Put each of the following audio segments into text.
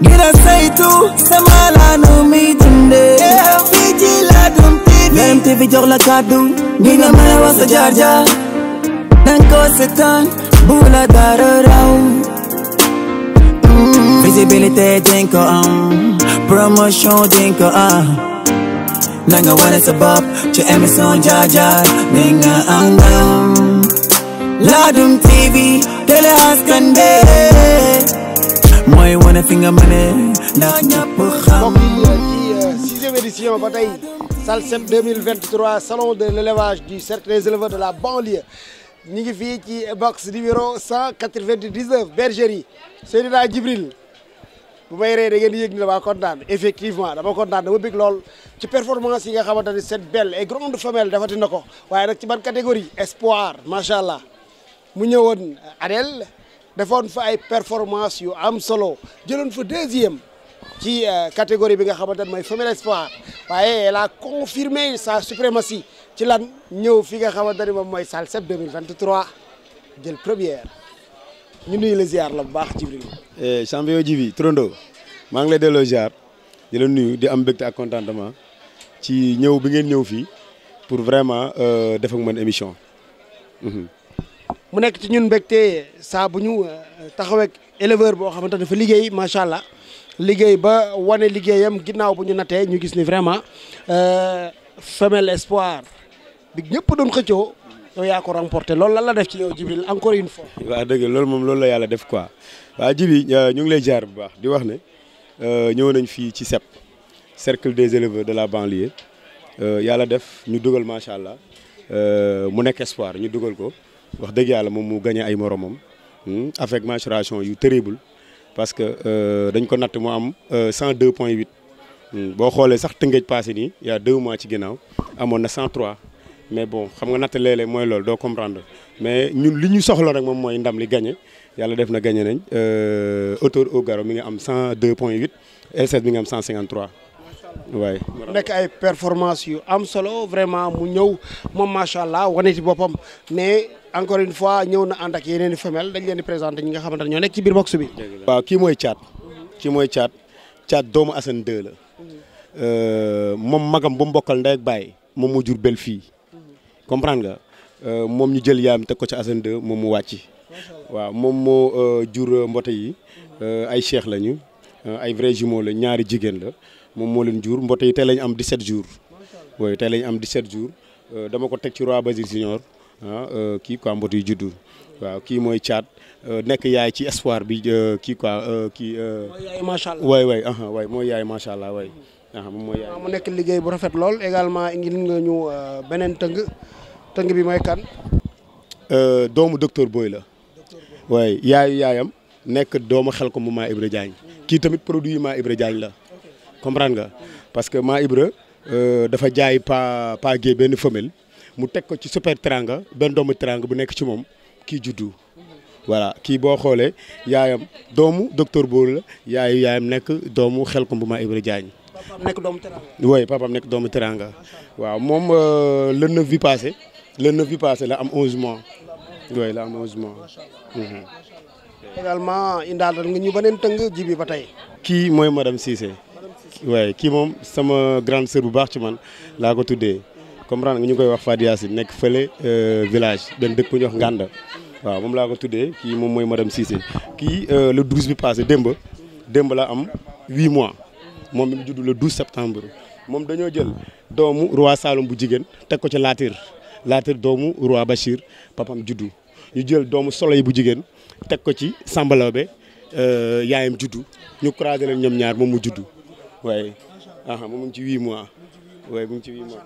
ngir sama laanu mi dundee. fii ci Ladoum TV. Ladoum TV jox la kàddu. ngir nga mën a sa jaar jaar. danga ko seetaan bu dara raw. Mm. visibilité dinga am promotion dinga am. nanga wane sa ci émission jaar jaar ni nga am ndam. Ladoum TV télé askan bi. mooy wane fi nga mënee ndax ñëpp xam. Euh, sixième édition ba tey Salcep 2023 salon de l' du cercle des de la banlieue ñu ngi fii ci box numéro 199 bergerie Seydina Djibril bu may ree da ngeen di yëg ni damaa kontaan effectivement dama kontaan dama bëgg lool ci performance yi nga xamante ni cette belle et grande femelle defati na ko waaye nag ci ban catégorie espoir macha allah mu ñëwoon Adèle. defoon fa ay performance yu am solo jëloon fa deuxième ci euh, catégorie bi nga xamante ne mooy femelle espoir waaye elle a confirmé sa suprématie ci lan ñëw fi nga xamante ne moom mooy Salcep 2023 jël première ñu nuyu le ziar la bu baax Djibril. Eh, champion Djibi Trondo maa ngi lay delloo ziar di la nuyu di am mbégte ak contentement ci ñëw bi ngeen ñëw fii pour vraiment euh, def ak man émission. Mhm. mu nekk ci ñun mbégte saa bu ñu euh, taxaweek éleveur boo xamante dafa liggéey macha allah liggéey ba wane liggéeyam ginnaaw bu ñu nattee ñu gis ni vraiment euh, femelle espoir bi ñëpp doon xëccoo yow yaa ko remporté loolu lan la def ci yow Djibril encore une fois. waaw dëgg loolu moom loolu la yàlla def quoi waa Djibi euh, ñu ngi lay jaar bu baax di wax ne ñëw nañ fii ci CEP cercle des éleveurs de la banlieue yàlla def ñu dugal macha allah mu nekk espoir ñu dugal ko. wax dëgg yàlla moom mu gagné ay moromam hmm, avec maturation yu terrible parce que euh, dañ ko natt mu am euh, cent 102 point 8 hmm, boo xoolee sax tëngëj passé nii y deux mois ci ginnaaw amoon na 103 mais bon xam nga natt léeg-léeg mooy loolu doo comprendre mais ñun li ñu soxla rek moom mooy ndam li gagné yàlla def na gagné nañ euh, auteur au garo mi ngi am 102 point 8 LCS mi nga am 153 waay nekk ay performance yu am solo vraiment mu ñëw moom macha allah wane ci boppam mais encore une fois ñëw na ànd ak yeneen i femelle dañ leen di présenté ñi nga xamante ne ñoo nekk ci biir box bi. waaw kii mooy caat kii mooy caat caat doomu Assane 2 la euh, moom magam bu mu bokkal ndey ak baay moom moo jur bel fii comprendre nga euh, moom ñu jël yaayam teg ko ci Assane 2 moom mu wàcc. waaw moom moo euh, jur mbote yi ay cheikh lañu ay vrai jumeau la ñaari jigéen la. moom moo leen jur mboote yi tey lañu am 17 jours waaye tey lañu am 17 jours euh, dama ko teg ci roi Basir Junior ah euh, kii quoi mboote yu juddu waaw kii mooy caat euh, nekk yaay ci espoir bi kii quoi kii. mooy yaay macha allah waay waay waay mooy yaay macha allah waay. Uh-huh, moom mooy yaay mu nekk liggéey bu rafet lool également indi nga ñu beneen tëng tëng bi mooy kan. doomu docteur Boy la. waay yaayu yaayam nekk doomu xel ko mu maa Ibra Diagne mm. kii tamit produit yi maa Ibra Diagne la. comprendre nga parce que ma Ibra euh, dafa jaay pa pa benn femelle mu teg ko ci super teranga benn doomu teranga bu nekk ci moom kii juddu. voilà kii boo xoolee yaayam doomu docteur Bool la yaayu yaayam nekk doomu ko bu ma Ibra Diagne. papaam nekk doomu teranga. oui papaam nekk doomu teranga waaw moom euh, le neuf bi passé la am 11 mois. oui la am 11 mois. également nga ñu beneen tëng ji ba tey. kii mooy madame Cissé. waaye kii moom sama grande sœur bu baax ci man laa ko tuddee comprendre nga ñu koy wax Fadia Sy nekk fële euh, village benn dëkk bu ñuy wax Nganda waaw moom laa ko tuddee kii moom mooy madame Cissé kii euh, le 12 bi passé démb démb la am 8 mois moom mi ngi judd le 12 septembre moom dañoo jël doomu roi salom bu jigéen teg ko ci Latir Latir doomu roi Bachir papam juddu ñu jël doomu Soleil bu jigéen teg ko ci Samba Lawbe euh, yaayam juddu ñu croisé leen ñoom ñaar moom mu juddu. waaye aha moom mu ngi ci huit mois waaye mu ngi ci huit mois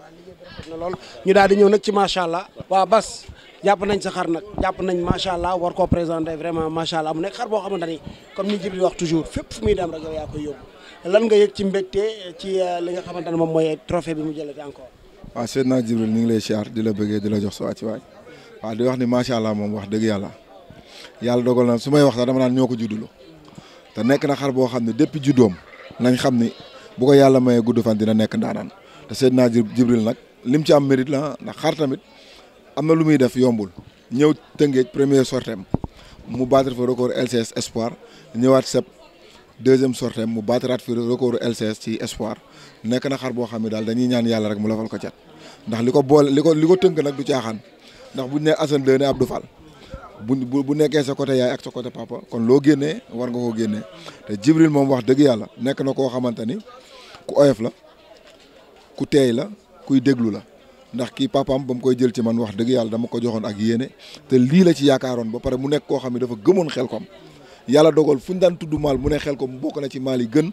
na lool ñu daal di ñëw nag ci macha allah waaw bas jàpp nañ sa xar nag jàpp nañ macha allah war koo présenté vraiment macha allah xar boo xamante ni comme ni Jibril wax toujours fépp fu muy dem rek yow yaa koy nga yëg ci mbégte ci euh, li nga xamante ne moom mooy trophée bi mu jëlati encore waaw Seydina Jibril ñu ngi lay siyaar di la bëggee di la jox sa wàcci waay waaw di wax ni macha allah moom wax dëgg yàlla yàlla dogal na su may wax sax dama naan ñoo ko juddulu te nekk na xar boo xam ne depuis juddoom nañ xam ni bu ko yàlla mayee gudd fan dina nekk ndaanaan te Seydina Jibril nag lim ci am mérite la ndax xar tamit am na lu muy def yombul ñëw Tëngéej premier sortem mu battre fa record LCS Espoir ñëwaat sep deuxième sortem mu battraat fi record LCS ci Espoir nekk na xar boo xam ne daal dañuy ñaan yàlla rek mu lafal ko cat ndax li ko boole li ko li ko tënk nag du caaxaan ndax buñ ne Assane 2 ab Abdou fal bu bu nekkee sa côté yaay ak sa côté papa kon loo génnee war nga koo génnee te Jibril moom wax dëgg yàlla nekk na koo xamante ni ku oyof la ku teey la kuy déglu la ndax ki papaam ba mu koy jël ci man wax dëgg yàlla dama ko joxoon ak yéene te lii la ci yaakaaroon ba pare mu nekk koo xam ne dafa gëmoon xel kom yàlla dogal fu ñu daan tudd maal mu ne xel ko mu bokk na ci maal yi gën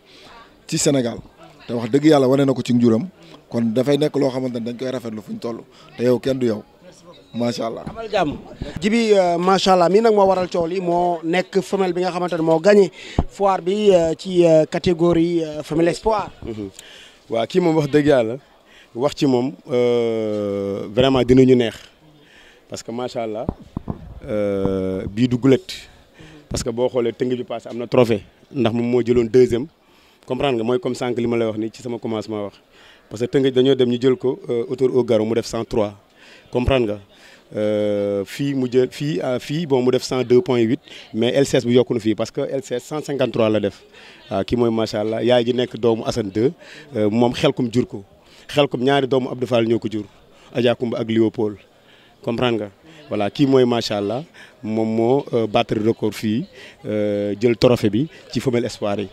ci Sénégal te wax dëgg yàlla waree na ko ci njuram kon dafay nekk loo xamante ni dañ koy rafetlu fu ñu toll te yow kenn du yow. macha allah. amal jàmm jibi euh, macha allah mii nag moo waral coow li moo nekk femelle bi nga xamante ne moo gagné foire bi euh, ci euh, catégorie femelle espoir. Mhm. waa kii moom wax dëgg yàlla wax ci moom dina ñu neex parce que macha allah bii du gulet parce que boo xoolee tëng bi passé am na trophée ndax moom moo jëloon deuxième comprendre nga mooy comme sànq li ma lay wax nii ci sama commencement wax parce que tëng dañoo dem ñu jël ko autour au garrot mu def 103. comprendre nga euh, fii mu jël fii ah, fii bon mu def 102 point 8 mais LCS bu yokku na fii parce que LCS 153 la def ah, kii mooy macha allah yaay ji nekk doomu Assane 2 euh, moom xelkum jur ko xel ko ñaari doomu Abdou Fall ñoo ko jur Adja Kumba ak Léopold comprendre nga. voilà kii mooy macha allah moom moo euh, battre record fii jël trophée bi ci femelle espoir yi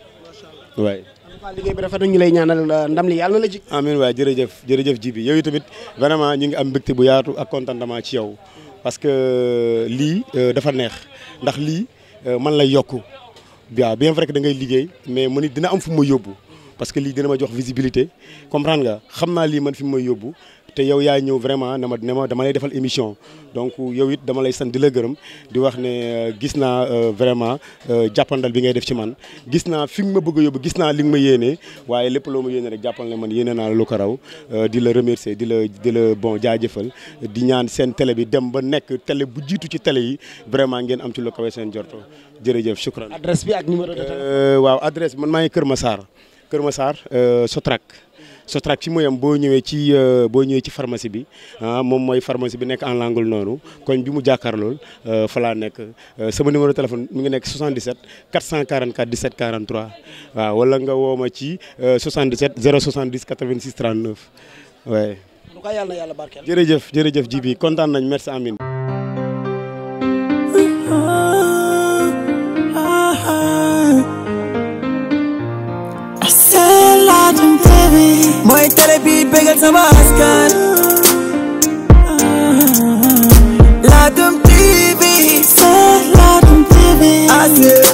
waaye. waaw liggéey rafet na ñu lay ñaanal euh, ndam li yàlla na la ji. amiin waa jërëjëf jërëjëf ji bi yow tamit vraiment ñu ngi am mbégte bu yaatu ak contentement ci yow parce que euh, lii euh, dafa neex ndax lii man lay yokk waaw bien vrai que da ngay liggéey mais mu ni dina am fu ma yóbbu parce que lii dina ma jox visibilité comprendre nga xam naa lii man fi ma yóbbu te yow yaay ñëw vraiment ne ma ne ma dama lay defal émission donc yow it dama lay san di la gërëm di wax ne euh, gis naa euh, vraiment euh, jàppandal bi ngay def ci man gis naa fi nga ma bëgg a yóbbu gis naa li nga ma yéene waaye lépp loo ma yéene rek jàppal ne man yéene naa lu ko raw di la remercier di la di la bon jaajëfal di ñaan seen télé bi dem ba nekk télé bu jiitu ci tele yi vraiment ngeen am ci lu kawe seen jorto jërëjëf shukran adresse bi ak numéro de téléphone waaw adresse man maa ngi Kër Massar Kër Massar Sotrac Sotrac fi muy am boo ñëwee ci euh, boo ñëwee ci pharmacie bi ah moom mooy pharmacie bi nekk en l'angle noonu koñ bi mu jàkkaarlool euh, falaa nekk euh, sama numéro téléphone mu ngi nekk 77 444 17 43 waaw wala nga woo ma ci 77 070 86 39 waaye. lu ko yàlla na yàlla barkeel. jërëjëf jërëjëf ji bi kontaan nañ merci Amine. mooy télé bi bégal sama askan Ladoum TV Ladoum TV